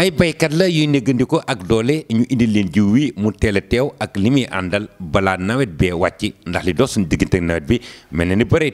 ay baykat la yuy néegandiko ak doole ñu indi leen jiw wi mu teel a teew ak li muy àndal balaa nawet bee wàcc ndax li dox suñu diggante nawet bi mel na ni bëree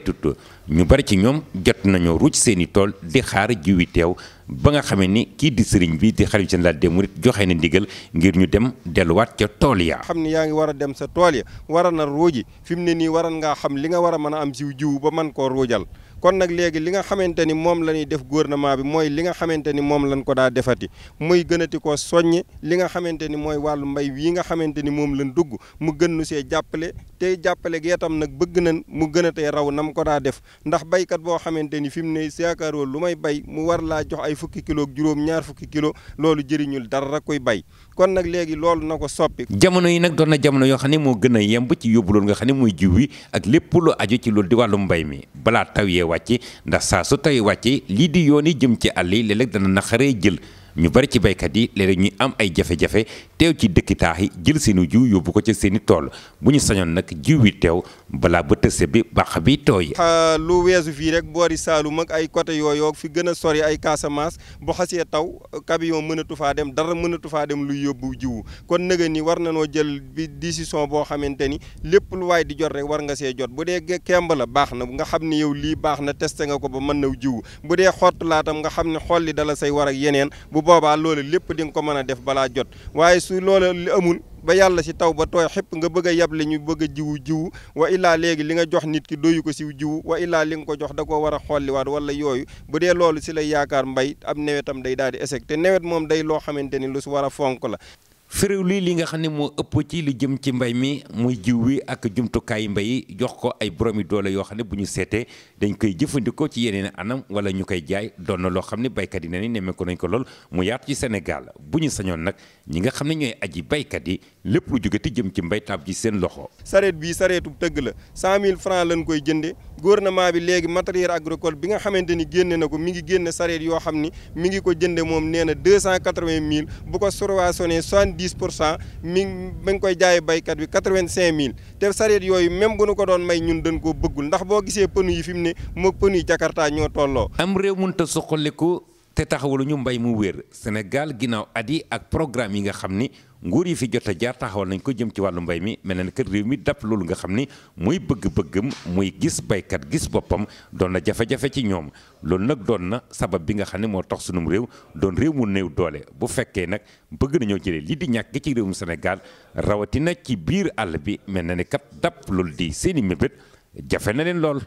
ñu bari ci ñoom jot nañoo ruuj seeni tool di xaar jiw wi teew ba nga xamee ni kii di sëriñ bi di xalifa général des mourides joxe na ndigal ngir ñu dem delluwaat ca tool ya xam ne yaa ngi war a dem sa tool ya war a na ruuji fi mu ne nii waran ngaa xam li nga war a mën a am siw jiw ba mën koo ruujal kon nag léegi li nga xamante ni moom la ñuy def gouvernement bi mooy li nga xamante ni moom lañ ko daa defati muy gënati ko soññe li nga xamante ni mooy wàllu mbay wi nga xamante ni moom lan dugg mu gën nu see jàppale tey jàppale gi tam nag bëgg nañ mu gën a tey raw nam ko daa def ndax baykat boo xamante ni fi mu ne yaakaaroo lu may bay mu war laa jox ay fukki kilo juróom ñaar fukki kilo loolu jëriñul dara koy bay kon nag léegi loolu na ko soppi. jamono yi nag doon na jamono yoo xam ne moo gën a yemb ci yóbbu lool nga xam ne mooy jiw wi ak lépp lu aju ci loolu di wàllu mbay mi balaa taw yee wàcc ndax saa su tawee wàcc lii di yoon yi jëm ci àll yi léeg dana na naqaree jël ñu bari ci baykat yi léeg-léeg ñuy am ay jafe-jafe teew ci dëkki taax yi jël seeni jiw yóbbu ko ci seeni tool bu ñu sañoon nag jiw wi teew balaa ba tëse bi bàq bi tooy lu weesu fii rek boori Saalum ak ay côté yooyu fi gën a sori ay Casamance bu xasee taw camion mënatu faa dem dara mënatu faa dem lu yóbbu jiw kon nëga nii war na noo jël bi décision boo xamante ni lépp lu waaye di jot rek war nga see jot bu dee kemb la baax na nga xam ni yow lii baax na testé nga ko ba mën na jiw bu dee xott laatam nga xam ne xolli dala say war ak yeneen boobaa loolu lépp dinga ko mën a def balaa jot waaye su loola li amul ba yàlla si taw ba tooy xëpp nga bëgg a yable ñu bëgg a jiwu jiwu wa illaa léegi li nga jox nit ki doyu ko si jiwu wa illaa li nga ko jox da koo war a xolliwaat wala yooyu bu dee loolu si lay yaakaar mbay ab newetam day daal di échec te nawet moom day loo xamante ni lu si war a fonk la firiw lii li nga xam ne moo ëpp ci lu jëm ci mbay mi muy jiw wi ak jumtukaayu mbay jox ko ay boroomi doole yoo xam ne bu ñu seetee dañ koy jëfandikoo ci yeneen anam wala ñu koy jaay doon na loo xam ne baykat yi ne ni nemmeeku nañ ko lool mu yaatu ci Sénégal bu ñu sañoon nag ñi nga xam ne ñooy aji baykat yi lépp lu jóge te jëm ci mbay mbaytaab ji seen loxo. sareet bii bu tëgg la cent mille francs lañ koy jëndee gouvernement bi léegi matériel agricole bi nga xamante ni génne na ko mi ngi génn sareet yoo xam ni mi ngi ko jënde moom neena na cent quatre vingt mille bu ko subventionné soixante dix pour cent mi mi ngi koy jaay baykat bi quatre vingt mille te sareet yooyu même bu nu ko doon may ñun dañ koo bëggul ndax boo gisee pënu yi fi mu ne moog pënu yi Jakarta ñoo tolloo. am réew mënut a soqaliku te taxawalu ñu mbay mu wér Sénégal ginnaaw at yi ak programme yi nga xam ni nguur yi fi jot a jaar taxawal nañ ko jëm ci wàllu mbay mi mel na ne kër réew mi dab loolu nga xam ni muy bëgg-bëggam muy gis baykat gis boppam doon na jafe-jafe ci ñoom loolu nag doon na sabab bi nga xam ne moo tax sunum réew doon réew mu néew doole bu fekkee nag bëgg nañoo jëlee lii di ñàkk ci réewum senegal rawatina ci biir àll bi mel na ne kat dab loolu di seeni mébét jafe na leen lool